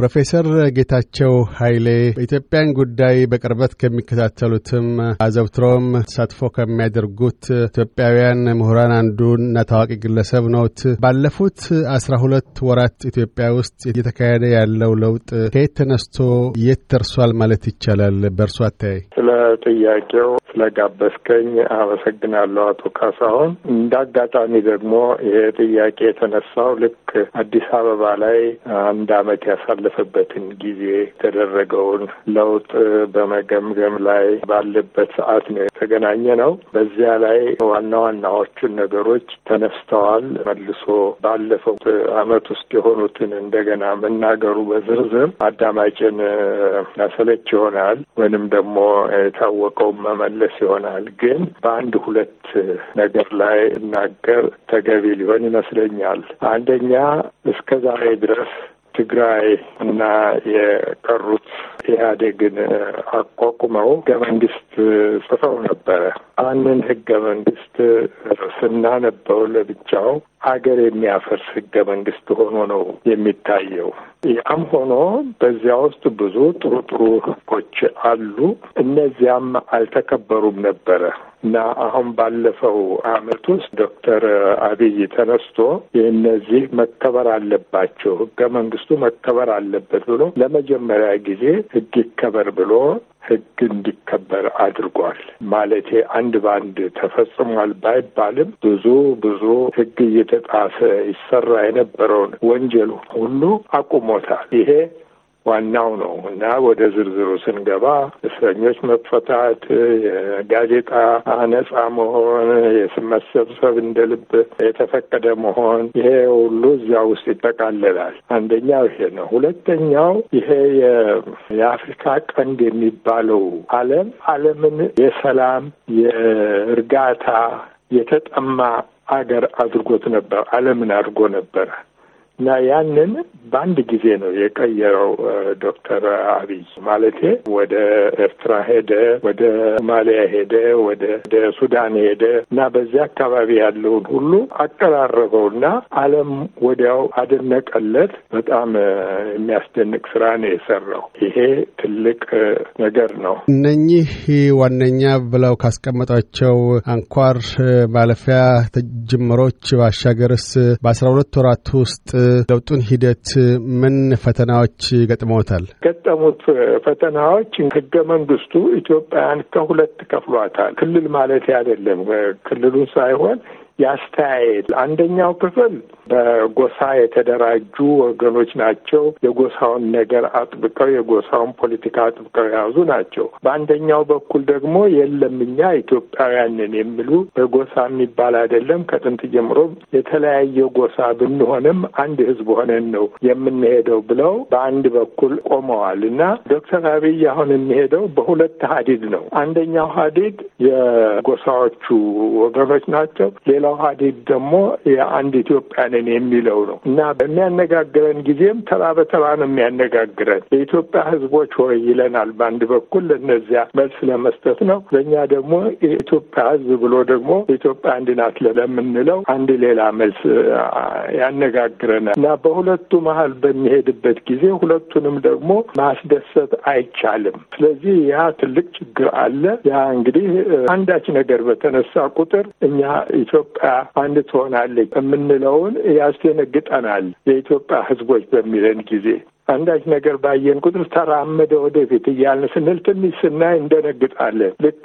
ፕሮፌሰር ጌታቸው ኃይሌ በኢትዮጵያን ጉዳይ በቅርበት ከሚከታተሉትም አዘውትሮም ተሳትፎ ከሚያደርጉት ኢትዮጵያውያን ምሁራን አንዱና ታዋቂ ግለሰብ ነዎት። ባለፉት አስራ ሁለት ወራት ኢትዮጵያ ውስጥ እየተካሄደ ያለው ለውጥ ከየት ተነስቶ የት ደርሷል ማለት ይቻላል? በእርሱ አታይ። ስለ ጥያቄው ስለጋበዝከኝ አመሰግናለሁ አቶ ካሳሁን። እንደ አጋጣሚ ደግሞ ይሄ ጥያቄ የተነሳው ልክ አዲስ አበባ ላይ አንድ አመት ያሳለ ባለፈበትን ጊዜ የተደረገውን ለውጥ በመገምገም ላይ ባለበት ሰዓት ነው የተገናኘ ነው። በዚያ ላይ ዋና ዋናዎቹን ነገሮች ተነስተዋል። መልሶ ባለፈው አመት ውስጥ የሆኑትን እንደገና መናገሩ በዝርዝር አዳማጭን ያሰለች ይሆናል ወይንም ደግሞ የታወቀውን መመለስ ይሆናል። ግን በአንድ ሁለት ነገር ላይ እናገር ተገቢ ሊሆን ይመስለኛል። አንደኛ እስከ ዛሬ ድረስ ትግራይ እና የቀሩት ኢህአዴግን አቋቁመው ህገ መንግስት ጽፈው ነበረ። አንን ህገ መንግስት ስናነበው ለብቻው አገር የሚያፈርስ ህገ መንግስት ሆኖ ነው የሚታየው። ያም ሆኖ በዚያ ውስጥ ብዙ ጥሩ ጥሩ ህጎች አሉ። እነዚያም አልተከበሩም ነበረ እና አሁን ባለፈው አመት ውስጥ ዶክተር አብይ ተነስቶ የእነዚህ መከበር አለባቸው፣ ህገ መንግስቱ መከበር አለበት ብሎ ለመጀመሪያ ጊዜ ህግ ይከበር ብሎ ህግ እንዲከበር አድርጓል። ማለቴ አንድ በአንድ ተፈጽሟል ባይባልም ብዙ ብዙ ህግ እየተጣሰ ይሰራ የነበረውን ወንጀል ሁሉ አቁሞታል። ይሄ ዋናው ነው እና ወደ ዝርዝሩ ስንገባ እስረኞች መፈታት፣ የጋዜጣ ነጻ መሆን፣ የስመሰብሰብ እንደ ልብ የተፈቀደ መሆን፣ ይሄ ሁሉ እዚያ ውስጥ ይጠቃለላል። አንደኛው ይሄ ነው። ሁለተኛው ይሄ የአፍሪካ ቀንድ የሚባለው ዓለም ዓለምን የሰላም የእርጋታ የተጠማ አገር አድርጎት ነበር፣ ዓለምን አድርጎ ነበረ። እና ያንን በአንድ ጊዜ ነው የቀየረው ዶክተር አብይ ማለቴ ወደ ኤርትራ ሄደ፣ ወደ ሶማሊያ ሄደ፣ ወደ ሱዳን ሄደ እና በዚያ አካባቢ ያለውን ሁሉ አቀራረበው እና ዓለም ወዲያው አደነቀለት። በጣም የሚያስደንቅ ስራ ነው የሰራው። ይሄ ትልቅ ነገር ነው። እነኚህ ዋነኛ ብለው ካስቀመጧቸው አንኳር ማለፊያ ጅምሮች ባሻገርስ በአስራ ሁለት ወራት ውስጥ ለውጡን ሂደት ምን ፈተናዎች ገጥመውታል? ገጠሙት ፈተናዎች ህገ መንግስቱ ኢትዮጵያን ከሁለት ከፍሏታል። ክልል ማለት አይደለም ክልሉን ሳይሆን ያስተያየል። አንደኛው ክፍል በጎሳ የተደራጁ ወገኖች ናቸው። የጎሳውን ነገር አጥብቀው የጎሳውን ፖለቲካ አጥብቀው የያዙ ናቸው። በአንደኛው በኩል ደግሞ የለም እኛ ኢትዮጵያውያንን የሚሉ በጎሳ የሚባል አይደለም ከጥንት ጀምሮ የተለያየ ጎሳ ብንሆንም አንድ ህዝብ ሆነን ነው የምንሄደው ብለው በአንድ በኩል ቆመዋል እና ዶክተር አብይ አሁን የሚሄደው በሁለት ሀዲድ ነው። አንደኛው ሀዲድ የጎሳዎቹ ወገኖች ናቸው። ሌላ ሀዲድ ደግሞ የአንድ ኢትዮጵያ የሚለው ነው እና በሚያነጋግረን ጊዜም ተራ በተራ ነው የሚያነጋግረን። የኢትዮጵያ ህዝቦች ሆይ ይለናል። በአንድ በኩል ለነዚያ መልስ ለመስጠት ነው። በእኛ ደግሞ የኢትዮጵያ ህዝብ ብሎ ደግሞ ኢትዮጵያ አንድ ናት ለምንለው አንድ ሌላ መልስ ያነጋግረናል እና በሁለቱ መሀል በሚሄድበት ጊዜ ሁለቱንም ደግሞ ማስደሰት አይቻልም። ስለዚህ ያ ትልቅ ችግር አለ። ያ እንግዲህ አንዳች ነገር በተነሳ ቁጥር እኛ ኢትዮጵያ አንድ ትሆናለች የምንለውን ያስደነግጠናል። የኢትዮጵያ ሕዝቦች በሚለን ጊዜ አንዳች ነገር ባየን ቁጥር ተራመደ ወደፊት እያልን ስንል ትንሽ ስናይ እንደነግጣለን። ልክ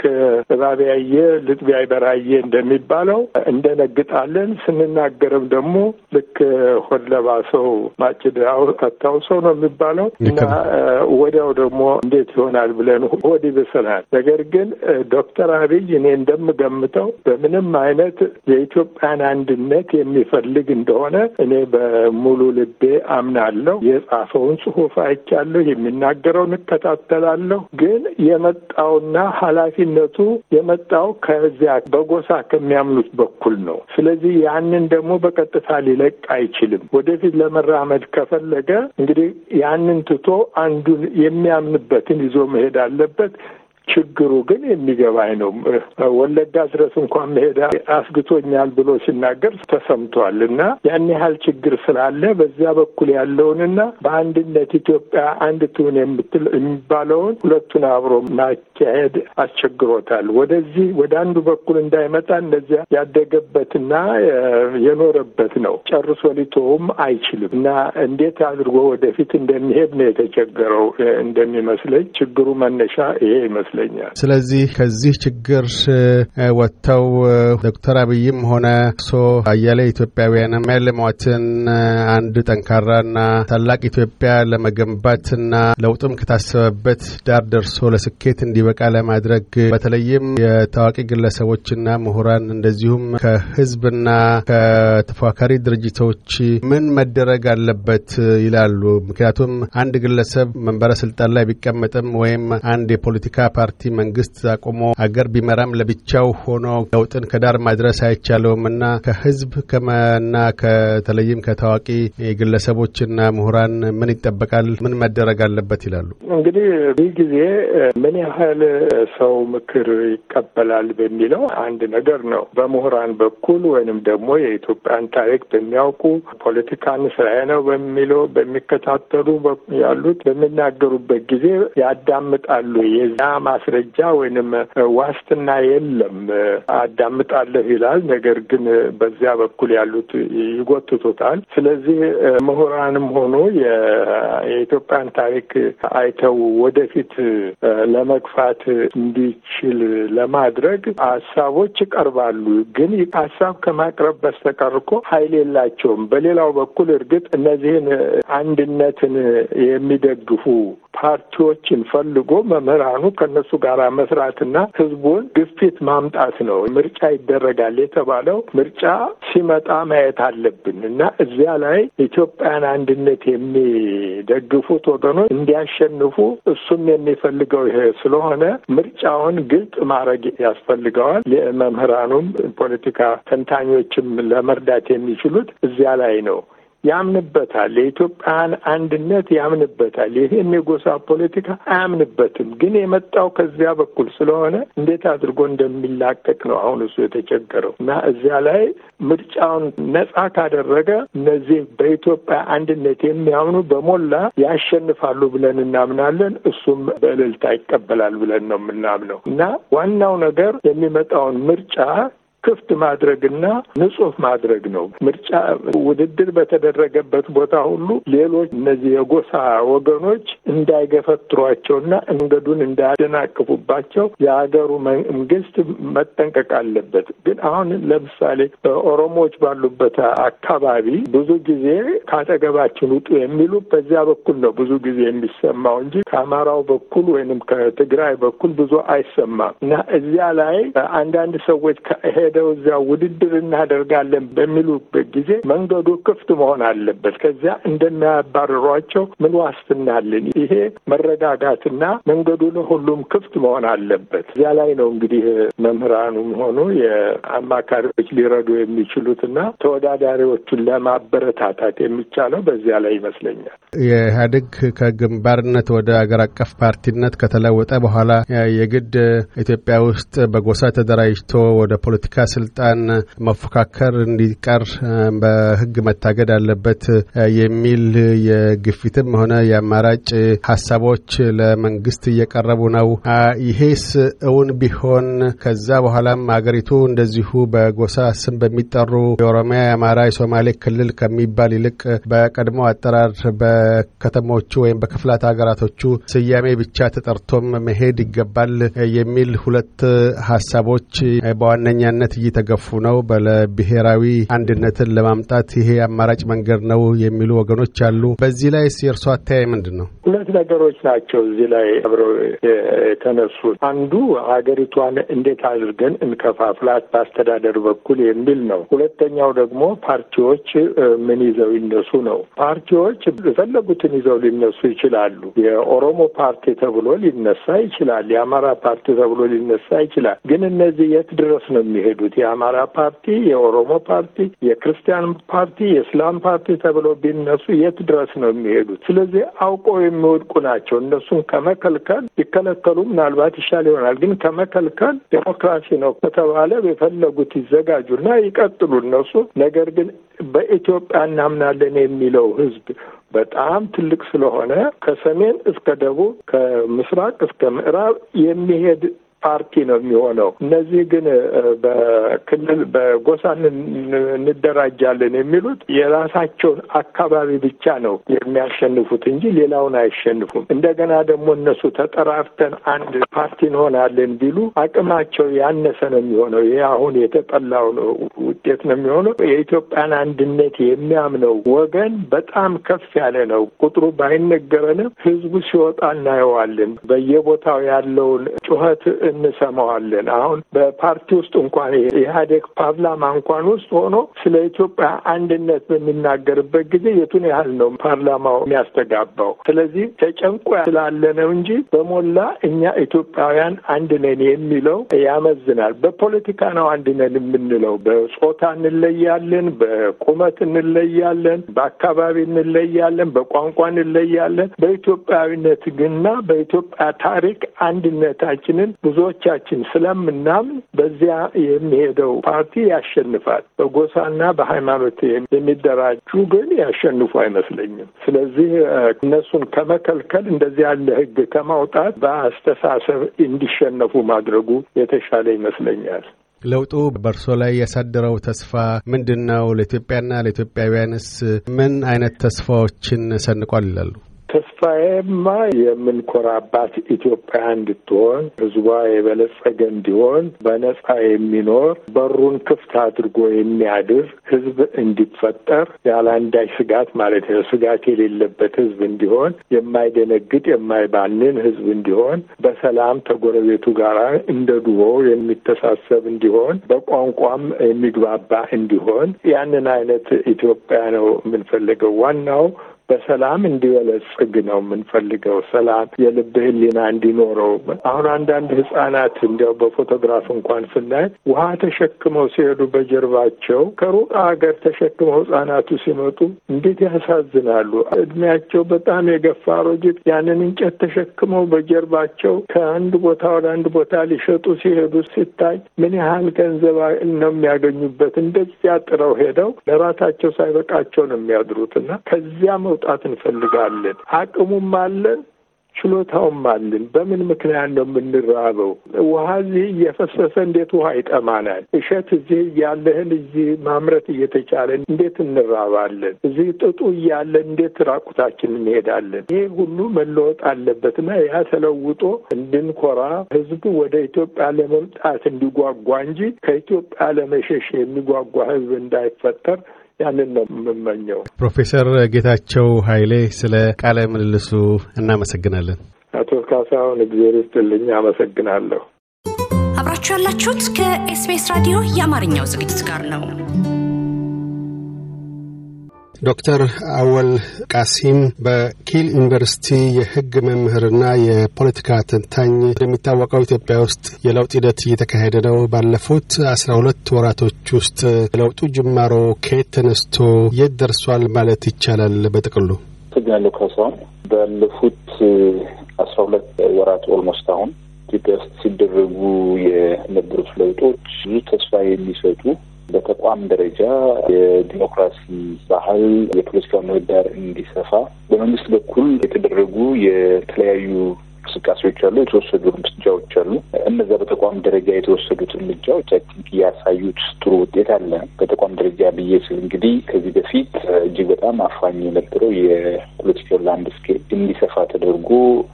እባብ ያየ ልጥ በራየ እንደሚባለው እንደነግጣለን። ስንናገርም ደግሞ ልክ ሆድ ለባሰው ማጭድ አታውሰው ነው የሚባለው እና ወዲያው ደግሞ እንዴት ይሆናል ብለን ሆድ ይብሰናል። ነገር ግን ዶክተር አብይ እኔ እንደምገምተው በምንም አይነት የኢትዮጵያን አንድነት የሚፈልግ እንደሆነ እኔ በሙሉ ልቤ አምናለሁ የጻፈውን የሚለውን ጽሁፍ አይቻለሁ፣ የሚናገረውን እከታተላለሁ። ግን የመጣውና ኃላፊነቱ የመጣው ከዚያ በጎሳ ከሚያምኑት በኩል ነው። ስለዚህ ያንን ደግሞ በቀጥታ ሊለቅ አይችልም። ወደፊት ለመራመድ ከፈለገ እንግዲህ ያንን ትቶ አንዱን የሚያምንበትን ይዞ መሄድ አለበት። ችግሩ ግን የሚገባኝ ነው። ወለጋ ድረስ እንኳን መሄድ አስግቶኛል ብሎ ሲናገር ተሰምቷል። እና ያን ያህል ችግር ስላለ በዚያ በኩል ያለውንና በአንድነት ኢትዮጵያ አንድ ትሁን የምትል የሚባለውን ሁለቱን አብሮ ማካሄድ አስቸግሮታል። ወደዚህ ወደ አንዱ በኩል እንዳይመጣ እነዚያ ያደገበትና የኖረበት ነው። ጨርሶ ሊቶውም አይችልም እና እንዴት አድርጎ ወደፊት እንደሚሄድ ነው የተቸገረው እንደሚመስለኝ። ችግሩ መነሻ ይሄ ይመስላል። ይመስለኛል። ስለዚህ ከዚህ ችግር ወጥተው ዶክተር አብይም ሆነ እርሶ አያሌ ኢትዮጵያውያን የሚያለሟትን አንድ ጠንካራና ታላቅ ኢትዮጵያ ለመገንባትና ለውጥም ከታሰበበት ዳር ደርሶ ለስኬት እንዲበቃ ለማድረግ በተለይም የታዋቂ ግለሰቦችና ምሁራን እንደዚሁም ከህዝብና ከተፎካካሪ ድርጅቶች ምን መደረግ አለበት ይላሉ? ምክንያቱም አንድ ግለሰብ መንበረ ስልጣን ላይ ቢቀመጥም ወይም አንድ የፖለቲካ ፓርቲ መንግስት አቁሞ አገር ቢመራም ለብቻው ሆኖ ለውጥን ከዳር ማድረስ አይቻለውም እና ከህዝብ ከመና ከተለይም ከታዋቂ ግለሰቦችና ምሁራን ምን ይጠበቃል? ምን መደረግ አለበት ይላሉ? እንግዲህ ይህ ጊዜ ምን ያህል ሰው ምክር ይቀበላል በሚለው አንድ ነገር ነው። በምሁራን በኩል ወይንም ደግሞ የኢትዮጵያን ታሪክ በሚያውቁ ፖለቲካን ስራዬ ነው በሚለው በሚከታተሉ ያሉት በሚናገሩበት ጊዜ ያዳምጣሉ። የዛ ማስረጃ ወይንም ዋስትና የለም። አዳምጣለሁ ይላል፣ ነገር ግን በዚያ በኩል ያሉት ይጎትቱታል። ስለዚህ ምሁራንም ሆኖ የኢትዮጵያን ታሪክ አይተው ወደፊት ለመግፋት እንዲችል ለማድረግ ሀሳቦች ይቀርባሉ። ግን ሀሳብ ከማቅረብ በስተቀር እኮ ኃይል የላቸውም። በሌላው በኩል እርግጥ እነዚህን አንድነትን የሚደግፉ ፓርቲዎችን ፈልጎ መምህራኑ ከነሱ ጋር መስራትና ህዝቡን ግፊት ማምጣት ነው። ምርጫ ይደረጋል የተባለው ምርጫ ሲመጣ ማየት አለብን እና እዚያ ላይ ኢትዮጵያን አንድነት የሚደግፉት ወገኖች እንዲያሸንፉ እሱም የሚፈልገው ይሄ ስለሆነ ምርጫውን ግልጽ ማድረግ ያስፈልገዋል። መምህራኑም ፖለቲካ ተንታኞችም ለመርዳት የሚችሉት እዚያ ላይ ነው። ያምንበታል። የኢትዮጵያን አንድነት ያምንበታል። ይህን የጎሳ ፖለቲካ አያምንበትም። ግን የመጣው ከዚያ በኩል ስለሆነ እንዴት አድርጎ እንደሚላቀቅ ነው አሁን እሱ የተቸገረው እና እዚያ ላይ ምርጫውን ነጻ ካደረገ እነዚህ በኢትዮጵያ አንድነት የሚያምኑ በሞላ ያሸንፋሉ ብለን እናምናለን። እሱም በእልልታ ይቀበላል ብለን ነው የምናምነው እና ዋናው ነገር የሚመጣውን ምርጫ ክፍት ማድረግና ንጹህ ማድረግ ነው። ምርጫ ውድድር በተደረገበት ቦታ ሁሉ ሌሎች እነዚህ የጎሳ ወገኖች እንዳይገፈትሯቸውና እንገዱን እንዳያደናቅፉባቸው የሀገሩ መንግስት መጠንቀቅ አለበት። ግን አሁን ለምሳሌ ኦሮሞዎች ባሉበት አካባቢ ብዙ ጊዜ ካጠገባችን ውጡ የሚሉ በዚያ በኩል ነው ብዙ ጊዜ የሚሰማው እንጂ ከአማራው በኩል ወይንም ከትግራይ በኩል ብዙ አይሰማም እና እዚያ ላይ አንዳንድ ሰዎች ከሄድ ሄደው እዚያ ውድድር እናደርጋለን በሚሉበት ጊዜ መንገዱ ክፍት መሆን አለበት። ከዚያ እንደሚያባርሯቸው ምን ዋስትና አለን? ይሄ መረዳዳትና መንገዱ ለሁሉም ክፍት መሆን አለበት። እዚያ ላይ ነው እንግዲህ መምህራኑም ሆኑ የአማካሪዎች ሊረዱ የሚችሉትና ተወዳዳሪዎቹን ለማበረታታት የሚቻለው በዚያ ላይ ይመስለኛል። የኢህአዴግ ከግንባርነት ወደ አገር አቀፍ ፓርቲነት ከተለወጠ በኋላ የግድ ኢትዮጵያ ውስጥ በጎሳ ተደራጅቶ ወደ ፖለቲካ ስልጣን መፎካከር እንዲቀር በህግ መታገድ አለበት የሚል የግፊትም ሆነ የአማራጭ ሀሳቦች ለመንግስት እየቀረቡ ነው። ይሄስ እውን ቢሆን ከዛ በኋላም አገሪቱ እንደዚሁ በጎሳ ስም በሚጠሩ የኦሮሚያ፣ የአማራ፣ የሶማሌ ክልል ከሚባል ይልቅ በቀድሞ አጠራር በከተሞቹ ወይም በክፍላት ሀገራቶቹ ስያሜ ብቻ ተጠርቶም መሄድ ይገባል የሚል ሁለት ሀሳቦች በዋነኛነት በበላይነት እየተገፉ ነው፣ ለብሔራዊ አንድነትን ለማምጣት ይሄ አማራጭ መንገድ ነው የሚሉ ወገኖች አሉ። በዚህ ላይ የእርሶ አተያይ ምንድን ነው? ሁለት ነገሮች ናቸው እዚህ ላይ አብረው የተነሱት። አንዱ ሀገሪቷን እንዴት አድርገን እንከፋፍላት በአስተዳደር በኩል የሚል ነው። ሁለተኛው ደግሞ ፓርቲዎች ምን ይዘው ይነሱ ነው። ፓርቲዎች የፈለጉትን ይዘው ሊነሱ ይችላሉ። የኦሮሞ ፓርቲ ተብሎ ሊነሳ ይችላል። የአማራ ፓርቲ ተብሎ ሊነሳ ይችላል። ግን እነዚህ የት ድረስ ነው የሚሄዱ? የሄዱት የአማራ ፓርቲ፣ የኦሮሞ ፓርቲ፣ የክርስቲያን ፓርቲ፣ የእስላም ፓርቲ ተብሎ ቢነሱ የት ድረስ ነው የሚሄዱት? ስለዚህ አውቀው የሚወድቁ ናቸው። እነሱን ከመከልከል ቢከለከሉ ምናልባት ይሻል ይሆናል። ግን ከመከልከል ዴሞክራሲ ነው ከተባለ የፈለጉት ይዘጋጁና ይቀጥሉ እነሱ። ነገር ግን በኢትዮጵያ እናምናለን የሚለው ህዝብ በጣም ትልቅ ስለሆነ ከሰሜን እስከ ደቡብ ከምስራቅ እስከ ምዕራብ የሚሄድ ፓርቲ ነው የሚሆነው። እነዚህ ግን በክልል በጎሳን እንደራጃለን የሚሉት የራሳቸውን አካባቢ ብቻ ነው የሚያሸንፉት እንጂ ሌላውን አይሸንፉም። እንደገና ደግሞ እነሱ ተጠራርተን አንድ ፓርቲ እንሆናለን ቢሉ አቅማቸው ያነሰ ነው የሚሆነው። ይህ አሁን የተጠላው ውጤት ነው የሚሆነው። የኢትዮጵያን አንድነት የሚያምነው ወገን በጣም ከፍ ያለ ነው። ቁጥሩ ባይነገረንም ህዝቡ ሲወጣ እናየዋለን። በየቦታው ያለውን ጩኸት እንሰማዋለን። አሁን በፓርቲ ውስጥ እንኳን የኢህአዴግ ፓርላማ እንኳን ውስጥ ሆኖ ስለ ኢትዮጵያ አንድነት በሚናገርበት ጊዜ የቱን ያህል ነው ፓርላማው የሚያስተጋባው? ስለዚህ ተጨንቆ ስላለ ነው እንጂ በሞላ እኛ ኢትዮጵያውያን አንድ ነን የሚለው ያመዝናል። በፖለቲካ ነው አንድ ነን የምንለው። በጾታ እንለያለን፣ በቁመት እንለያለን፣ በአካባቢ እንለያለን፣ በቋንቋ እንለያለን። በኢትዮጵያዊነት ግና በኢትዮጵያ ታሪክ አንድነታችንን ብዙ ብዙዎቻችን ስለምናምን በዚያ የሚሄደው ፓርቲ ያሸንፋል። በጎሳና በሃይማኖት የሚደራጁ ግን ያሸንፉ አይመስለኝም። ስለዚህ እነሱን ከመከልከል እንደዚህ ያለ ህግ ከማውጣት በአስተሳሰብ እንዲሸነፉ ማድረጉ የተሻለ ይመስለኛል። ለውጡ በእርሶ ላይ ያሳደረው ተስፋ ምንድን ነው? ለኢትዮጵያና ለኢትዮጵያውያንስ ምን አይነት ተስፋዎችን ሰንቋል ይላሉ? ተስፋዬማ የምንኮራባት ኢትዮጵያ እንድትሆን ህዝቧ የበለጸገ እንዲሆን በነጻ የሚኖር በሩን ክፍት አድርጎ የሚያድር ህዝብ እንዲፈጠር ያለአንዳች ስጋት ማለት ነው ስጋት የሌለበት ህዝብ እንዲሆን የማይደነግጥ የማይባንን ህዝብ እንዲሆን በሰላም ተጎረቤቱ ጋር እንደ ድሮ የሚተሳሰብ እንዲሆን በቋንቋም የሚግባባ እንዲሆን ያንን አይነት ኢትዮጵያ ነው የምንፈልገው ዋናው በሰላም እንዲበለጽግ ነው የምንፈልገው። ሰላም የልብ ህሊና እንዲኖረው አሁን አንዳንድ ህጻናት እንዲያው በፎቶግራፍ እንኳን ስናይ ውሃ ተሸክመው ሲሄዱ በጀርባቸው ከሩቅ ሀገር ተሸክመው ህጻናቱ ሲመጡ እንዴት ያሳዝናሉ። እድሜያቸው በጣም የገፋ አሮጊት ያንን እንጨት ተሸክመው በጀርባቸው ከአንድ ቦታ ወደ አንድ ቦታ ሊሸጡ ሲሄዱ ሲታይ ምን ያህል ገንዘብ ነው የሚያገኙበት። እንደዚያ ጥረው ሄደው ለራሳቸው ሳይበቃቸው ነው የሚያድሩት እና ከዚያም መውጣት እንፈልጋለን። አቅሙም አለን ችሎታውም አለን። በምን ምክንያት ነው የምንራበው? ውሃ እዚህ እየፈሰሰ እንዴት ውሃ ይጠማናል? እሸት እዚህ እያለህን እዚህ ማምረት እየተቻለን እንዴት እንራባለን? እዚህ ጥጡ እያለ እንዴት ራቁታችን እንሄዳለን? ይህ ሁሉ መለወጥ አለበትና ያ ተለውጦ እንድንኮራ ህዝቡ ወደ ኢትዮጵያ ለመምጣት እንዲጓጓ እንጂ ከኢትዮጵያ ለመሸሽ የሚጓጓ ህዝብ እንዳይፈጠር ያንን ነው የምመኘው። ፕሮፌሰር ጌታቸው ኃይሌ ስለ ቃለ ምልልሱ እናመሰግናለን። አቶ ካሳሁን እግዜር ይስጥልኝ፣ አመሰግናለሁ። አብራችሁ ያላችሁት ከኤስቢኤስ ራዲዮ የአማርኛው ዝግጅት ጋር ነው። ዶክተር አወል ቃሲም በኪል ዩኒቨርሲቲ የህግ መምህርና የፖለቲካ ተንታኝ። እንደሚታወቀው ኢትዮጵያ ውስጥ የለውጥ ሂደት እየተካሄደ ነው። ባለፉት አስራ ሁለት ወራቶች ውስጥ ለውጡ ጅማሮ ከየት ተነስቶ የት ደርሷል ማለት ይቻላል? በጥቅሉ ትጋሉ ካሳሁን ባለፉት አስራ ሁለት ወራት ኦልሞስት አሁን ኢትዮጵያ ውስጥ ሲደረጉ የነበሩት ለውጦች ብዙ ተስፋ የሚሰጡ በተቋም ደረጃ የዲሞክራሲ ባህል የፖለቲካው ምህዳር እንዲሰፋ በመንግስት በኩል የተደረጉ የተለያዩ እንቅስቃሴዎች አሉ፣ የተወሰዱ እርምጃዎች አሉ። እነዛ በተቋም ደረጃ የተወሰዱት እርምጃዎች አይ ቲንክ እያሳዩት ጥሩ ውጤት አለ። በተቋም ደረጃ ብዬ ስል እንግዲህ ከዚህ በፊት እጅግ በጣም አፋኝ የነበረው የፖለቲካል ላንድስኬፕ እንዲሰፋ ተደርጎ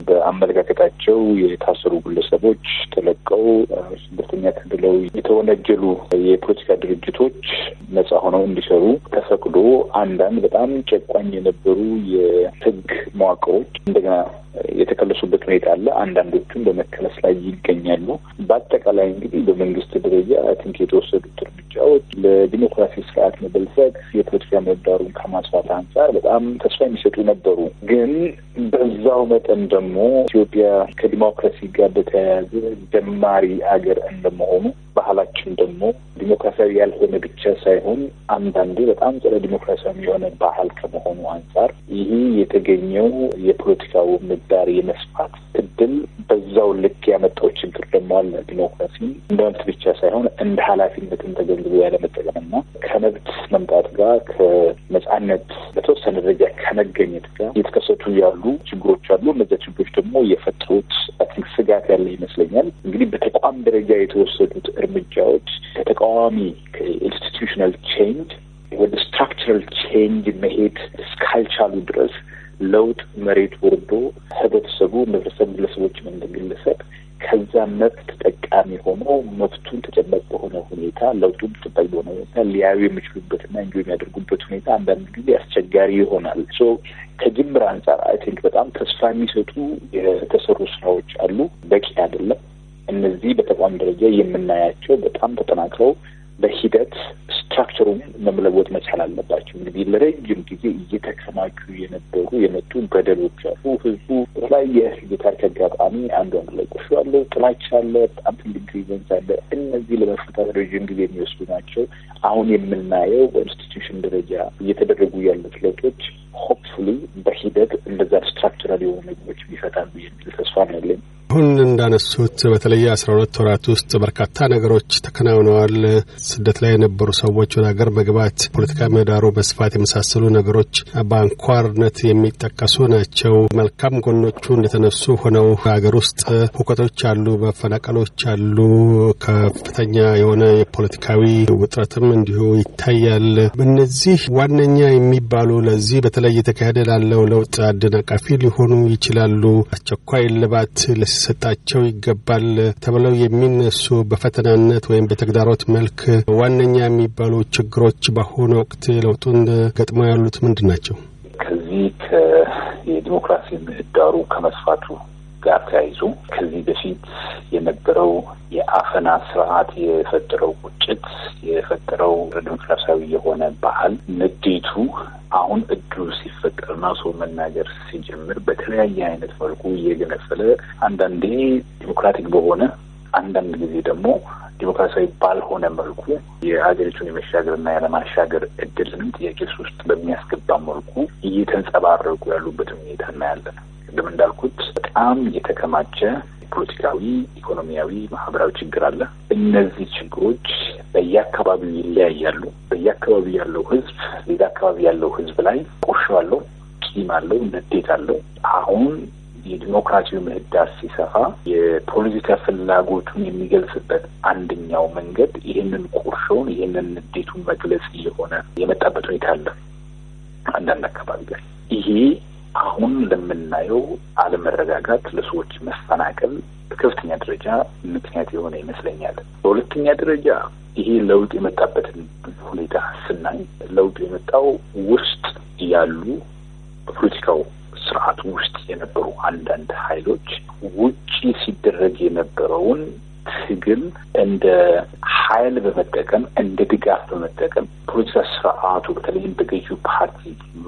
በአመለካከታቸው የታሰሩ ግለሰቦች ተለቀው ስደተኛ ተብለው የተወነጀሉ የፖለቲካ ድርጅቶች ነጻ ሆነው እንዲሰሩ ተፈቅዶ አንዳንድ በጣም ጨቋኝ የነበሩ የህግ መዋቅሮች እንደገና የተከለሱበት ሁኔታ አለ። አንዳንዶቹም በመከለስ ላይ ይገኛሉ። በአጠቃላይ እንግዲህ በመንግስት ደረጃ ቲንክ የተወሰዱት እርምጃዎች ለዲሞክራሲ ስርዓት መበልጸግ የፖለቲካ ምህዳሩን ከማስፋት አንጻር በጣም ተስፋ የሚሰጡ ነበሩ። ግን በዛው መጠን ደግሞ ኢትዮጵያ ከዲሞክራሲ ጋር በተያያዘ ደማሪ አገር እንደመሆኑ ባህላችን ደግሞ ዲሞክራሲያዊ ያልሆነ ብቻ ሳይሆን አንዳንዴ በጣም ጸረ ዲሞክራሲያዊ የሆነ ባህል ከመሆኑ አንጻር ይህ የተገኘው የፖለቲካ ምህዳር የመስፋት እድል በዛው ልክ ያመጣው ችግር ደግሞ አለ። ዲሞክራሲ እንደ መብት ብቻ ሳይሆን እንደ ኃላፊነትም ተገንዝቦ እና ከመብት መምጣት ጋር ከነጻነት በተወሰነ ደረጃ ከመገኘት ጋር እየተከሰቱ ያሉ ችግሮች አሉ። እነዚያ ችግሮች ደግሞ የፈጠሩት ቲንክ ስጋት ያለ ይመስለኛል። እንግዲህ በተቋም ደረጃ የተወሰዱት እርምጃዎች ከተቃዋሚ ከኢንስቲትዩሽናል ቼንጅ ወደ ስትራክቸራል ቼንጅ መሄድ እስካልቻሉ ድረስ ለውጥ መሬት ወርዶ ህብረተሰቡ ህብረተሰብ ግለሰቦች እንደ ከዛ መብት ተጠቃሚ ሆኖ መብቱን ተጨባጭ በሆነ ሁኔታ ለውጡን ተጨባጭ በሆነ ሁኔታ ሊያዩ የሚችሉበትና እንጆ የሚያደርጉበት ሁኔታ አንዳንድ ጊዜ አስቸጋሪ ይሆናል። ሶ ከጅምር አንጻር አይ ቲንክ በጣም ተስፋ የሚሰጡ የተሰሩ ስራዎች አሉ። በቂ አይደለም። እነዚህ በተቋም ደረጃ የምናያቸው በጣም ተጠናክረው በሂደት ስትራክቸሩን መምለወጥ መቻል አለባቸው። እንግዲህ ለረጅም ጊዜ እየተከማቹ የነበሩ የመጡ በደሎች አሉ። ህዝቡ በተለያየ የታሪክ አጋጣሚ አንዱ አንዱ ላይ ቁሹ አለ፣ ጥላቻ አለ፣ በጣም ትልቅ ግሪቨንስ አለ። እነዚህ ለመፈታት ረዥም ጊዜ የሚወስዱ ናቸው። አሁን የምናየው በኢንስቲትዩሽን ደረጃ እየተደረጉ ያሉት ለውጦች ሆፕፉሊ በሂደት እንደዛ ስትራክቸራል የሆኑ ነገሮች ይፈታሉ የሚል ተስፋ ነው ያለኝ። አሁን እንዳነሱት በተለይ አስራ ሁለት ወራት ውስጥ በርካታ ነገሮች ተከናውነዋል። ስደት ላይ የነበሩ ሰዎች ወደ ሀገር መግባት፣ ፖለቲካ ምህዳሩ መስፋት የመሳሰሉ ነገሮች በአንኳርነት የሚጠቀሱ ናቸው። መልካም ጎኖቹ እንደተነሱ ሆነው ሀገር ውስጥ ሁከቶች አሉ፣ መፈናቀሎች አሉ፣ ከፍተኛ የሆነ የፖለቲካዊ ውጥረትም እንዲሁ ይታያል። እነዚህ ዋነኛ የሚባሉ ለዚህ በተለይ የተካሄደ ላለው ለውጥ አደናቃፊ ሊሆኑ ይችላሉ። አስቸኳይ እልባት ሊሰጣቸው ይገባል ተብለው የሚነሱ በፈተናነት ወይም በተግዳሮት መልክ ዋነኛ የሚባሉ ችግሮች በአሁኑ ወቅት ለውጡን ገጥመው ያሉት ምንድን ናቸው? ከዚህ የዲሞክራሲ ምህዳሩ ከመስፋቱ ጋር ተያይዞ ከዚህ በፊት የነበረው የአፈና ስርዓት የፈጠረው ቁጭት የፈጠረው ዲሞክራሲያዊ የሆነ ባህል ንዴቱ አሁን እድሉ ሲፈጠርና ሰው መናገር ሲጀምር በተለያየ አይነት መልኩ እየገነፈለ አንዳንዴ ዲሞክራቲክ በሆነ አንዳንድ ጊዜ ደግሞ ዲሞክራሲያዊ ባልሆነ መልኩ የሀገሪቱን የመሻገርና ያለማሻገር እድልንም ጥያቄ ውስጥ በሚያስገባ መልኩ እየተንጸባረቁ ያሉበትን ሁኔታ እናያለን። ቅድም እንዳልኩት በጣም የተከማቸ ፖለቲካዊ፣ ኢኮኖሚያዊ፣ ማህበራዊ ችግር አለ። እነዚህ ችግሮች በየአካባቢው ይለያያሉ። በየአካባቢው ያለው ህዝብ ሌላ አካባቢ ያለው ህዝብ ላይ ቁርሾ አለው፣ ቂም አለው፣ ንዴት አለው። አሁን የዲሞክራሲው ምህዳር ሲሰፋ የፖለቲካ ፍላጎቱን የሚገልጽበት አንደኛው መንገድ ይህንን ቁርሾውን ይህንን ንዴቱን መግለጽ እየሆነ የመጣበት ሁኔታ አለ። አንዳንድ አካባቢ ጋር ይሄ አሁን ለምናየው አለመረጋጋት፣ ለሰዎች መፈናቀል በከፍተኛ ደረጃ ምክንያት የሆነ ይመስለኛል። በሁለተኛ ደረጃ ይሄ ለውጥ የመጣበትን ሁኔታ ስናይ ለውጡ የመጣው ውስጥ ያሉ በፖለቲካው ስርዓት ውስጥ የነበሩ አንዳንድ ኃይሎች ውጪ ሲደረግ የነበረውን ትግል እንደ ኃይል በመጠቀም እንደ ድጋፍ በመጠቀም ፖለቲካ ስርዓቱ በተለይም በገዢው ፓርቲ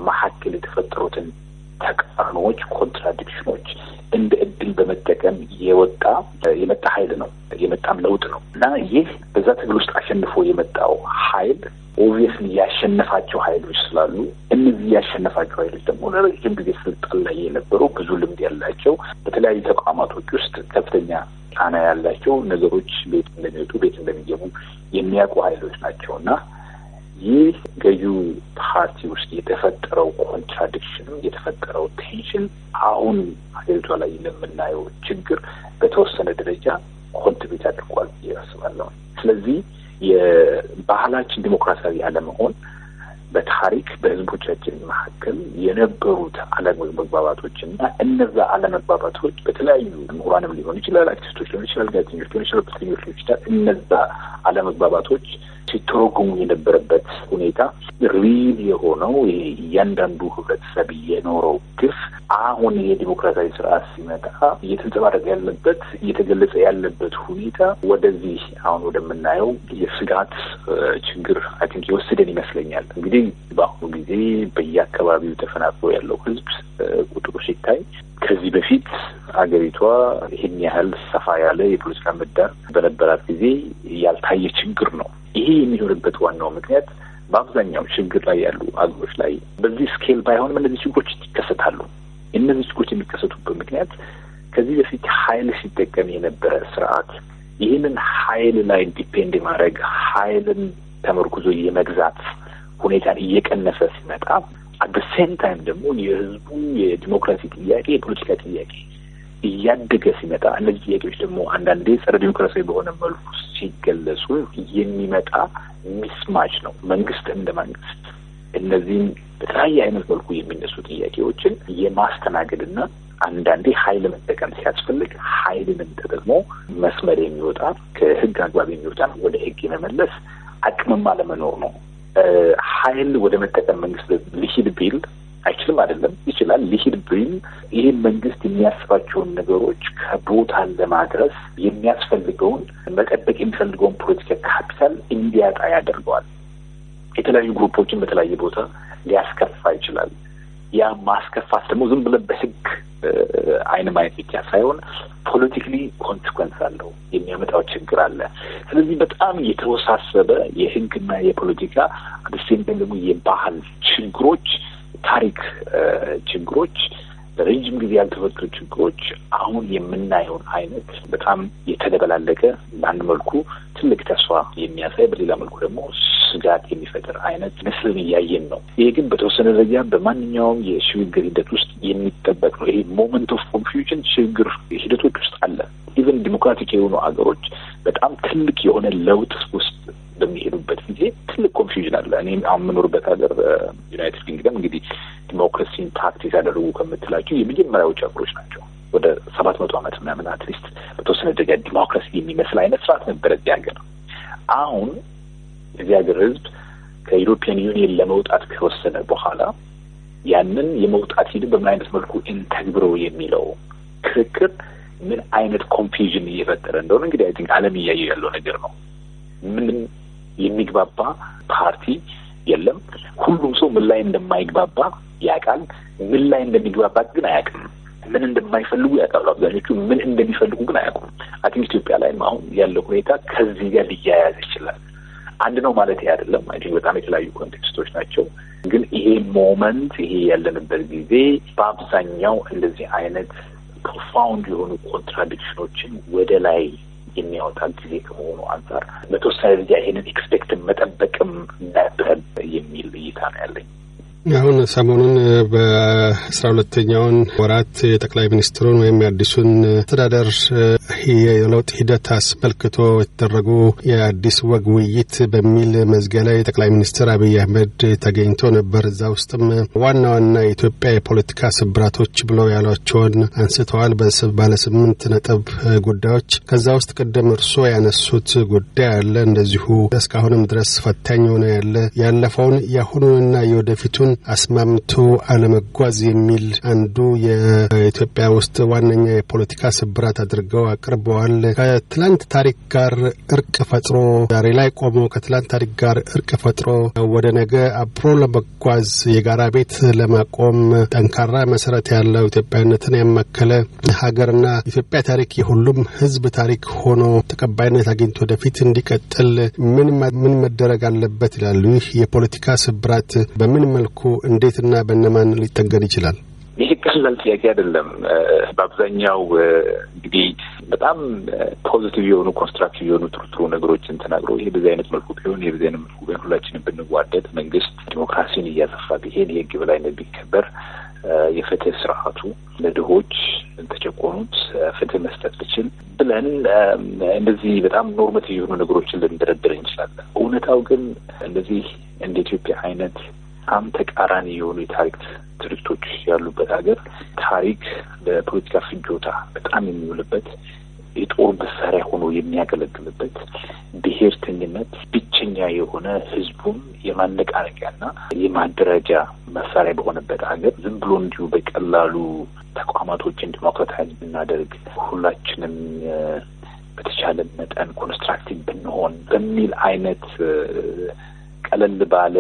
መካከል የተፈጠሩትን ተቃርኖዎች፣ ኮንትራዲክሽኖች እንደ እድል በመጠቀም የወጣ የመጣ ኃይል ነው የመጣም ለውጥ ነው እና ይህ በዛ ትግል ውስጥ አሸንፎ የመጣው ኃይል ኦብቪየስሊ ያሸነፋቸው ኃይሎች ስላሉ እነዚህ ያሸነፋቸው ኃይሎች ደግሞ ለረጅም ጊዜ ስልጣን ላይ የነበሩ ብዙ ልምድ ያላቸው በተለያዩ ተቋማቶች ውስጥ ከፍተኛ ጫና ያላቸው ነገሮች ቤት እንደሚወጡ ቤት እንደሚገቡ የሚያውቁ ኃይሎች ናቸው እና ይህ ገዢው ፓርቲ ውስጥ የተፈጠረው ኮንትራዲክሽን የተፈጠረው ቴንሽን አሁን ሀገሪቷ ላይ ለምናየው ችግር በተወሰነ ደረጃ ኮንትሪቢዩት አድርጓል ብዬ አስባለሁ። ስለዚህ የባህላችን ዲሞክራሲያዊ አለመሆን በታሪክ በህዝቦቻችን መካከል የነበሩት እና እነዛ አለመግባባቶች በተለያዩ ምሁራንም ሊሆን ይችላል፣ አርቲስቶች ሊሆን ይችላል፣ ጋዜጠኞች ሊሆን ይችላል፣ ፖለቲከኞች ሊሆን ይችላል። እነዛ አለመግባባቶች ሲተረጉሙ የነበረበት ሁኔታ ሪል የሆነው እያንዳንዱ ህብረተሰብ የኖረው ግፍ አሁን የዲሞክራሲያዊ ስርዓት ሲመጣ እየተንጸባረቀ ያለበት እየተገለጸ ያለበት ሁኔታ ወደዚህ አሁን ወደምናየው የስጋት ችግር አይ ቲንክ የወሰደን ይመስለኛል እንግዲህ በተለይ በአሁኑ ጊዜ በየአካባቢው ተፈናቅሎ ያለው ህዝብ ቁጥሩ ሲታይ ከዚህ በፊት አገሪቷ ይህን ያህል ሰፋ ያለ የፖለቲካ ምህዳር በነበራት ጊዜ ያልታየ ችግር ነው። ይሄ የሚሆንበት ዋናው ምክንያት በአብዛኛው ችግር ላይ ያሉ አገሮች ላይ በዚህ ስኬል ባይሆንም እነዚህ ችግሮች ይከሰታሉ። እነዚህ ችግሮች የሚከሰቱበት ምክንያት ከዚህ በፊት ኃይል ሲጠቀም የነበረ ስርዓት ይህንን ኃይል ላይ ዲፔንድ የማድረግ ኃይልን ተመርኩዞ የመግዛት ሁኔታን እየቀነሰ ሲመጣ አደ ሴም ታይም ደግሞ የህዝቡ የዲሞክራሲ ጥያቄ የፖለቲካ ጥያቄ እያደገ ሲመጣ እነዚህ ጥያቄዎች ደግሞ አንዳንዴ ጸረ ዲሞክራሲያዊ በሆነ መልኩ ሲገለጹ የሚመጣ ሚስማች ነው። መንግስት እንደ መንግስት እነዚህም በተለያየ አይነት መልኩ የሚነሱ ጥያቄዎችን የማስተናገድና አንዳንዴ ኃይል መጠቀም ሲያስፈልግ ኃይልንም ተጠቅሞ መስመር የሚወጣ ከህግ አግባብ የሚወጣ ወደ ህግ የመመለስ አቅምም አለመኖር ነው። ኃይል ወደ መጠቀም መንግስት ሊሂድ ቢል አይችልም አይደለም፣ ይችላል። ሊሂድ ቢል ይህን መንግስት የሚያስባቸውን ነገሮች ከቦታ ለማድረስ የሚያስፈልገውን መጠበቅ የሚፈልገውን ፖለቲካ ካፒታል እንዲያጣ ያደርገዋል። የተለያዩ ግሩፖችን በተለያየ ቦታ ሊያስከፋ ይችላል። ያ ማስከፋት ደግሞ ዝም ብለን በህግ አይን ማየት ብቻ ሳይሆን ፖለቲካሊ ኮንስኮንስ አለው፣ የሚያመጣው ችግር አለ። ስለዚህ በጣም የተወሳሰበ የህግና የፖለቲካ አደሴም ደግሞ የባህል ችግሮች፣ ታሪክ ችግሮች ለረጅም ጊዜ ያልተፈቱ ችግሮች አሁን የምናየውን አይነት በጣም የተደበላለቀ በአንድ መልኩ ትልቅ ተስፋ የሚያሳይ በሌላ መልኩ ደግሞ ስጋት የሚፈጥር አይነት ምስልን እያየን ነው። ይሄ ግን በተወሰነ ደረጃ በማንኛውም የሽግግር ሂደት ውስጥ የሚጠበቅ ነው። ይሄ ሞመንት ኦፍ ኮንፊውዥን ሽግግር ሂደቶች ውስጥ አለ። ኢቨን ዲሞክራቲክ የሆኑ ሀገሮች በጣም ትልቅ የሆነ ለውጥ ውስጥ በሚሄዱበት ጊዜ ትልቅ ኮንፊውዥን አለ። እኔ አሁን የምኖርበት ሀገር ዩናይትድ uh, ኪንግደም እንግዲህ ዲሞክራሲን ፕራክቲስ ያደረጉ ከምትላቸው የመጀመሪያዎቹ ሀገሮች ናቸው። ወደ ሰባት መቶ ዓመት ምናምን አትሊስት በተወሰነ ደረጃ ዲሞክራሲ የሚመስል አይነት ስርዓት ነበረ እዚህ ሀገር። አሁን እዚህ ሀገር ህዝብ ከዩሮፒያን ዩኒየን ለመውጣት ከወሰነ በኋላ ያንን የመውጣት ሂደት በምን አይነት መልኩ እንተግብሮ የሚለው ክርክር ምን አይነት ኮንፊውዥን እየፈጠረ እንደሆነ እንግዲህ አይ ቲንክ ዓለም እያየ ያለው ነገር ነው። ምንም የሚግባባ ፓርቲ የለም። ሁሉም ሰው ምን ላይ እንደማይግባባ ያውቃል። ምን ላይ እንደሚግባባ ግን አያውቅም። ምን እንደማይፈልጉ ያውቃሉ። አብዛኞቹ ምን እንደሚፈልጉ ግን አያውቁም። አቲንክ ኢትዮጵያ ላይ አሁን ያለው ሁኔታ ከዚህ ጋር ሊያያዝ ይችላል። አንድ ነው ማለት ይሄ አይደለም። አይ ቲንክ በጣም የተለያዩ ኮንቴክስቶች ናቸው። ግን ይሄ ሞመንት ይሄ ያለንበት ጊዜ በአብዛኛው እንደዚህ አይነት ፕሮፋውንድ የሆኑ ኮንትራዲክሽኖችን ወደ ላይ የሚያወጣ ጊዜ ከመሆኑ አንጻር በተወሰነ ደረጃ ይሄንን ኤክስፔክትን መጠበቅም እንዳትረን የሚል እይታ ነው ያለኝ። አሁን ሰሞኑን በአስራ ሁለተኛውን ወራት የጠቅላይ ሚኒስትሩን ወይም የአዲሱን አስተዳደር የለውጥ ሂደት አስመልክቶ የተደረጉ የአዲስ ወግ ውይይት በሚል መዝጊያ ላይ ጠቅላይ ሚኒስትር አብይ አህመድ ተገኝቶ ነበር። እዛ ውስጥም ዋና ዋና የኢትዮጵያ የፖለቲካ ስብራቶች ብለው ያሏቸውን አንስተዋል። ባለ ስምንት ነጥብ ጉዳዮች ከዛ ውስጥ ቅድም እርሶ ያነሱት ጉዳይ አለ። እንደዚሁ እስካሁንም ድረስ ፈታኝ ሆነ ያለ ያለፈውን የአሁኑንና የወደፊቱን አስማምቶ አለመጓዝ የሚል አንዱ የኢትዮጵያ ውስጥ ዋነኛ የፖለቲካ ስብራት አድርገው አቅርበዋል። ከትላንት ታሪክ ጋር እርቅ ፈጥሮ ዛሬ ላይ ቆሞ ከትላንት ታሪክ ጋር እርቅ ፈጥሮ ወደ ነገ አብሮ ለመጓዝ የጋራ ቤት ለማቆም ጠንካራ መሰረት ያለው ኢትዮጵያዊነትን ያማከለ ሀገርና ኢትዮጵያ ታሪክ የሁሉም ህዝብ ታሪክ ሆኖ ተቀባይነት አግኝቶ ወደፊት እንዲቀጥል ምን ምን መደረግ አለበት ይላሉ። ይህ የፖለቲካ ስብራት በምን መልኩ እንዴትና በነማን ሊጠገን ይችላል? ይህ ቀላል ጥያቄ አይደለም። በአብዛኛው እንግዲህ በጣም ፖዚቲቭ የሆኑ ኮንስትራክቲቭ የሆኑ ትርቱ ነገሮችን ተናግሮ ይሄ በዚህ አይነት መልኩ ቢሆን ይሄ በዚህ አይነት መልኩ ቢሆን ሁላችንም ብንዋደድ፣ መንግስት ዲሞክራሲን እያሰፋ ቢሄድ፣ የህግ የበላይነት ቢከበር፣ የፍትህ ስርዓቱ ለድሆች ተጨቆኑት ፍትህ መስጠት ብችል ብለን እንደዚህ በጣም ኖርማቲቭ የሆኑ ነገሮችን ልንደረደር እንችላለን። እውነታው ግን እንደዚህ እንደ ኢትዮጵያ አይነት በጣም ተቃራኒ የሆኑ የታሪክ ትርክቶች ያሉበት ሀገር ታሪክ ለፖለቲካ ፍጆታ በጣም የሚውልበት የጦር መሳሪያ ሆኖ የሚያገለግልበት ብሔርተኝነት ብቸኛ የሆነ ህዝቡን የማነቃነቂያና የማደራጃ መሳሪያ በሆነበት ሀገር ዝም ብሎ እንዲሁ በቀላሉ ተቋማቶችን ዲሞክራታይዝ ብናደርግ ሁላችንም በተቻለ መጠን ኮንስትራክቲቭ ብንሆን በሚል አይነት ቀለል ባለ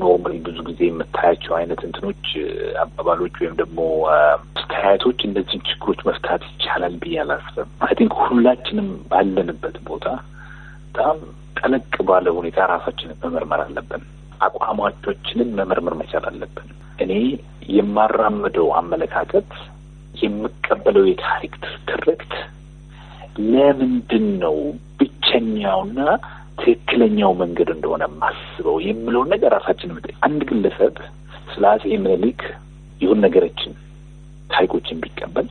ኖርማል ብዙ ጊዜ የምታያቸው አይነት እንትኖች አባባሎች ወይም ደግሞ አስተያየቶች እነዚህን ችግሮች መፍታት ይቻላል ብዬ አላስብም። አይ ቲንክ ሁላችንም ባለንበት ቦታ በጣም ጠለቅ ባለ ሁኔታ ራሳችንን መመርመር አለብን። አቋማቾችንን መመርመር መቻል አለብን። እኔ የማራምደው አመለካከት የምቀበለው የታሪክ ትርክት ለምንድን ነው ብቸኛውና ትክክለኛው መንገድ እንደሆነ ማስበው የምለውን ነገር ራሳችን ምጠ አንድ ግለሰብ ስለ አጼ ምኒልክ ይሁን ነገሮችን ታሪኮችን ቢቀበል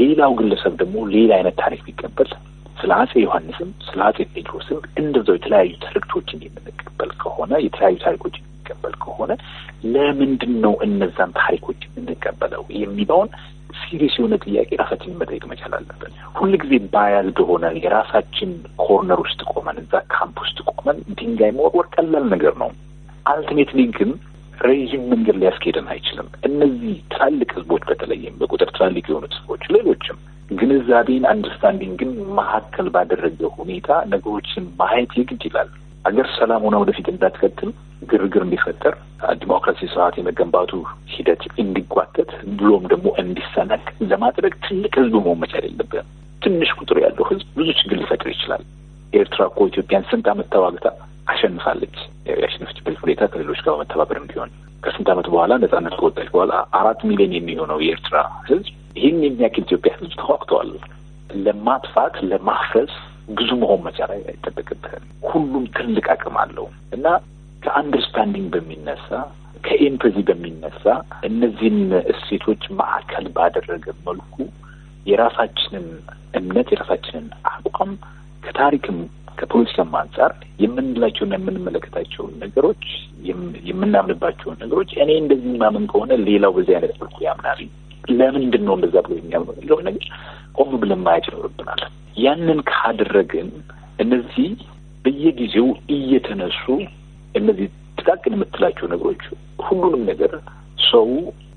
ሌላው ግለሰብ ደግሞ ሌላ አይነት ታሪክ ቢቀበል ስለ አጼ ዮሐንስም ስለ አጼ ጴጥሮስም እንደዛው የተለያዩ ትርክቶችን የምንቀበል ከሆነ የተለያዩ ታሪኮችን የምንቀበል ከሆነ ለምንድን ነው እነዛን ታሪኮች የምንቀበለው የሚለውን ሲሪየስ የሆነ ጥያቄ ራሳችን መጠየቅ መቻል አለብን። ሁልጊዜ ባያል በሆነ የራሳችን ኮርነር ውስጥ ቆመን እዛ ካምፕ ውስጥ ቆመን ድንጋይ መወርወር ቀላል ነገር ነው። አልቲሜትሊ ግን ረዥም መንገድ ሊያስኬደን አይችልም። እነዚህ ትላልቅ ህዝቦች በተለይም በቁጥር ትላልቅ የሆኑት ህዝቦች፣ ሌሎችም ግንዛቤን አንደርስታንዲንግን መካከል ባደረገ ሁኔታ ነገሮችን ማየት የግድ ይላል። አገር ሰላም ሆና ወደፊት እንዳትቀጥል ግርግር እንዲፈጠር ዲሞክራሲ ስርዓት የመገንባቱ ሂደት እንዲጓተት ብሎም ደግሞ እንዲሰናቅ ለማድረግ ትልቅ ህዝብ መሆን መቻል የለብንም። ትንሽ ቁጥር ያለው ህዝብ ብዙ ችግር ሊፈጥር ይችላል። ኤርትራ እኮ ኢትዮጵያን ስንት ዓመት ተዋግታ አሸንፋለች። ያሸነፈችበት ሁኔታ ከሌሎች ጋር መተባበር እንዲሆን ከስንት ዓመት በኋላ ነጻነት ከወጣች በኋላ አራት ሚሊዮን የሚሆነው የኤርትራ ህዝብ ይህን የሚያክል ኢትዮጵያ ህዝብ ተዋግተዋል። ለማጥፋት ለማፍረስ ብዙ መሆን መቻል አይጠበቅብህም። ሁሉም ትልቅ አቅም አለው እና ከአንደርስታንዲንግ በሚነሳ ከኤምፐዚ በሚነሳ እነዚህን እሴቶች ማዕከል ባደረገ መልኩ የራሳችንን እምነት የራሳችንን አቋም ከታሪክም ከፖለቲካም አንጻር የምንላቸውና የምንመለከታቸውን ነገሮች የምናምንባቸውን ነገሮች እኔ እንደዚህ ማምን ከሆነ ሌላው በዚህ አይነት መልኩ ያምናል። ለምንድን ነው እንደዛ ብሎ የሚያምነው የሚለውን ነገር ቆም ብለን ማየት ይኖርብናል። ያንን ካደረግን እነዚህ በየጊዜው እየተነሱ እነዚህ ጥቃቅን የምትላቸው ነገሮች ሁሉንም ነገር ሰው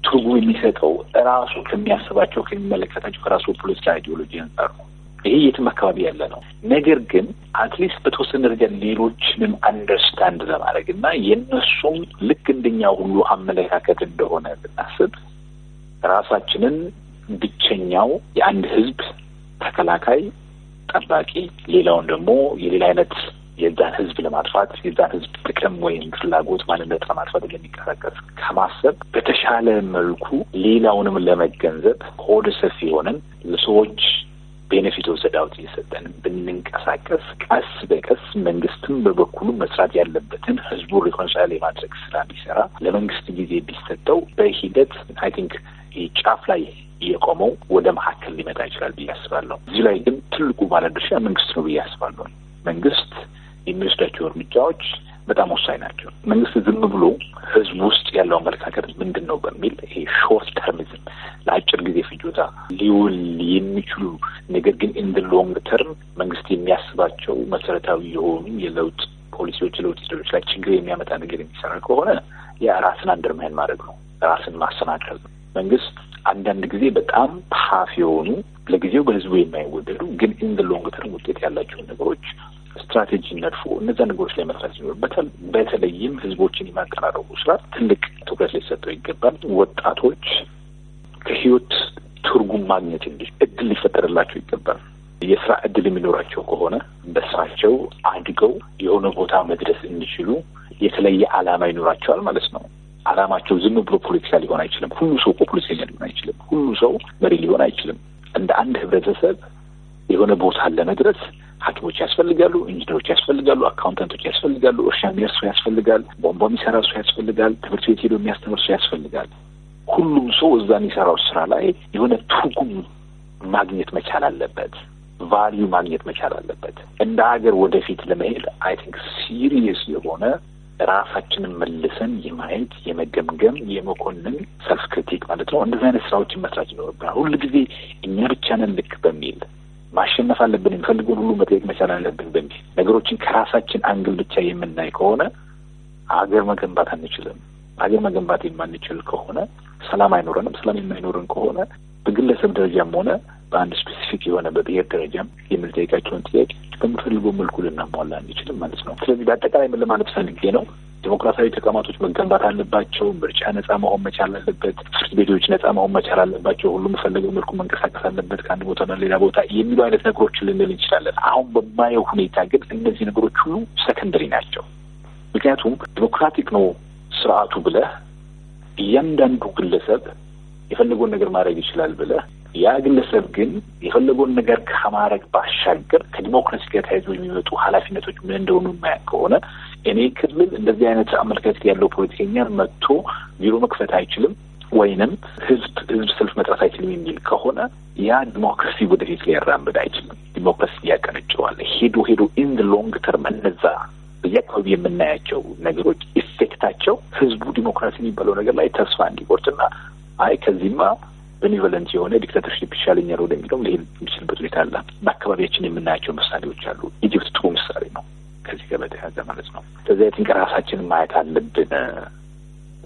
ትርጉም የሚሰጠው ራሱ ከሚያስባቸው ከሚመለከታቸው ከራሱ ፖለቲካ አይዲዮሎጂ አንጻር ነው። ይሄ የትም አካባቢ ያለ ነው። ነገር ግን አትሊስት በተወሰነ ደረጃ ሌሎችንም አንደርስታንድ ለማድረግ እና የእነሱም ልክ እንደኛ ሁሉ አመለካከት እንደሆነ ብናስብ ራሳችንን ብቸኛው የአንድ ህዝብ ተከላካይ ጠባቂ፣ ሌላውን ደግሞ የሌላ አይነት የዛን ህዝብ ለማጥፋት የዛን ህዝብ ጥቅም ወይም ፍላጎት ማንነት ለማጥፋት የሚንቀሳቀስ ከማሰብ በተሻለ መልኩ ሌላውንም ለመገንዘብ ሆድ ሰፊ የሆነን ለሰዎች ቤኔፊት ወሰዳውት እየሰጠን ብንንቀሳቀስ ቀስ በቀስ መንግስትም በበኩሉ መስራት ያለበትን ህዝቡ ሪኮንሳይል የማድረግ ስራ ቢሰራ ለመንግስት ጊዜ ቢሰጠው በሂደት አይ ቲንክ ጫፍ ላይ የቆመው ወደ መካከል ሊመጣ ይችላል ብዬ አስባለሁ። እዚህ ላይ ግን ትልቁ ባለድርሻ መንግስት ነው ብዬ አስባለሁ። መንግስት የሚወስዳቸው እርምጃዎች በጣም ወሳኝ ናቸው። መንግስት ዝም ብሎ ህዝብ ውስጥ ያለው አመለካከት ምንድን ነው በሚል ይሄ ሾርት ተርሚዝም ለአጭር ጊዜ ፍጆታ ሊውል የሚችሉ ነገር ግን ኢንደ ሎንግ ተርም መንግስት የሚያስባቸው መሰረታዊ የሆኑ የለውጥ ፖሊሲዎች፣ የለውጥ ሂደቶች ላይ ችግር የሚያመጣ ነገር የሚሰራ ከሆነ ያ ራስን አንደርማይን ማድረግ ነው፣ ራስን ማሰናከል ነው። መንግስት አንዳንድ ጊዜ በጣም ፓፍ የሆኑ ለጊዜው በህዝቡ የማይወደዱ ግን ኢን ዘ ሎንግ ተርም ውጤት ያላቸውን ነገሮች ስትራቴጂ ነድፎ እነዛ ነገሮች ላይ መስራት ይኖርበታል። በተለይም ህዝቦችን የማቀራረቡ ስራ ትልቅ ትኩረት ሊሰጠው ይገባል። ወጣቶች ከህይወት ትርጉም ማግኘት እንዲ እድል ሊፈጠርላቸው ይገባል። የስራ እድል የሚኖራቸው ከሆነ በስራቸው አድገው የሆነ ቦታ መድረስ እንዲችሉ የተለየ አላማ ይኖራቸዋል ማለት ነው። አላማቸው ዝም ብሎ ፖለቲካ ሊሆን አይችልም። ሁሉ ሰው ፖለቲከኛ ሊሆን አይችልም። ሁሉ ሰው መሪ ሊሆን አይችልም። እንደ አንድ ህብረተሰብ የሆነ ቦታ ለመድረስ ሐኪሞች ያስፈልጋሉ፣ ኢንጂነሮች ያስፈልጋሉ፣ አካውንታንቶች ያስፈልጋሉ፣ እርሻ የሚያርስ ሰው ያስፈልጋል፣ ቧንቧ የሚሰራ ሰው ያስፈልጋል፣ ትምህርት ቤት ሄዶ የሚያስተምር ሰው ያስፈልጋል። ሁሉም ሰው እዛ የሚሰራው ስራ ላይ የሆነ ትርጉም ማግኘት መቻል አለበት። ቫሊዩ ማግኘት መቻል አለበት። እንደ ሀገር ወደፊት ለመሄድ አይ ቲንክ ሲሪየስ የሆነ ራሳችንን መልሰን የማየት የመገምገም የመኮንን ሰልፍ ክሪቲክ ማለት ነው። እንደዚህ አይነት ስራዎችን መስራት ይኖርብናል። ሁሉ ጊዜ እኛ ብቻንን ልክ በሚል ማሸነፍ አለብን፣ የሚፈልገውን ሁሉ መጠየቅ መቻል አለብን በሚል ነገሮችን ከራሳችን አንግል ብቻ የምናይ ከሆነ አገር መገንባት አንችልም። አገር መገንባት የማንችል ከሆነ ሰላም አይኖረንም። ሰላም የማይኖረን ከሆነ በግለሰብ ደረጃም ሆነ በአንድ ቤሲክ የሆነ በብሄር ደረጃም የምንጠይቃቸውን ጥያቄ በምፈልገው መልኩ ልናሟላ እንችልም ማለት ነው። ስለዚህ በአጠቃላይ ምን ለማለት ፈልጌ ነው? ዲሞክራሲያዊ ተቋማቶች መገንባት አለባቸው። ምርጫ ነጻ መሆን መቻል አለበት። ፍርድ ቤቶች ነጻ መሆን መቻል አለባቸው። ሁሉም በፈለገው መልኩ መንቀሳቀስ አለበት ከአንድ ቦታ ና ሌላ ቦታ የሚሉ አይነት ነገሮች ልንል እንችላለን። አሁን በማየው ሁኔታ ግን እነዚህ ነገሮች ሁሉ ሰከንደሪ ናቸው። ምክንያቱም ዲሞክራቲክ ነው ስርዓቱ ብለህ እያንዳንዱ ግለሰብ የፈለገውን ነገር ማድረግ ይችላል ብለህ ያ ግለሰብ ግን የፈለገውን ነገር ከማድረግ ባሻገር ከዲሞክራሲ ጋር ተያይዞ የሚመጡ ኃላፊነቶች ምን እንደሆኑ የማያውቅ ከሆነ እኔ ክልል እንደዚህ አይነት አመለካከት ያለው ፖለቲከኛ መጥቶ ቢሮ መክፈት አይችልም ወይንም ህዝብ ህዝብ ሰልፍ መጥራት አይችልም የሚል ከሆነ ያ ዲሞክራሲ ወደፊት ሊያራምድ አይችልም። ዲሞክራሲ ያቀነጭዋል። ሄዶ ሄዶ ኢን ዘ ሎንግ ተርም እነዛ በየአካባቢ የምናያቸው ነገሮች ኢፌክታቸው ህዝቡ ዲሞክራሲ የሚባለው ነገር ላይ ተስፋ እንዲቆርጥና አይ ከዚህማ ቤኒቨለንት የሆነ ዲክታተርሽፕ ይሻለኛል ወደሚለው ሊሄድ የሚችልበት ሁኔታ አለ። በአካባቢያችን የምናያቸው ምሳሌዎች አሉ። ኢጅፕት ጥሩ ምሳሌ ነው ከዚህ ጋር በተያያዘ ማለት ነው። ስለዚህ አይ ቲንክ ራሳችንን ማየት አለብን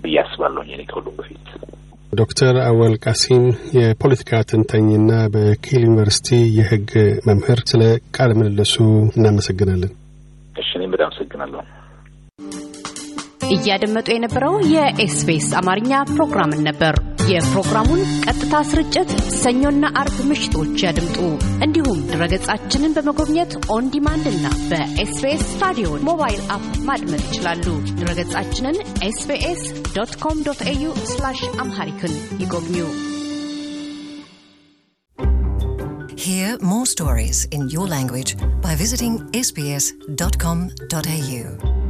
ብዬ አስባለሁ እኔ ከሁሉም በፊት ዶክተር አወል ቃሲም የፖለቲካ ተንታኝና በኪል ዩኒቨርሲቲ የሕግ መምህር፣ ስለ ቃለ ምልልሱ እናመሰግናለን። እሺ እኔም በጣም አመሰግናለሁ። እያደመጡ የነበረው የኤስቢኤስ አማርኛ ፕሮግራምን ነበር። የፕሮግራሙን ቀጥታ ስርጭት ሰኞና አርብ ምሽቶች ያድምጡ። እንዲሁም ድረገጻችንን በመጎብኘት ኦን ዲማንድ እና በኤስቢኤስ ራዲዮ ሞባይል አፕ ማድመጥ ይችላሉ። ድረገጻችንን ኤስቢኤስ ዶት ኮም ዶት ኤዩ አምሃሪክን ይጎብኙ። Hear more stories in your language by visiting sbs.com.au.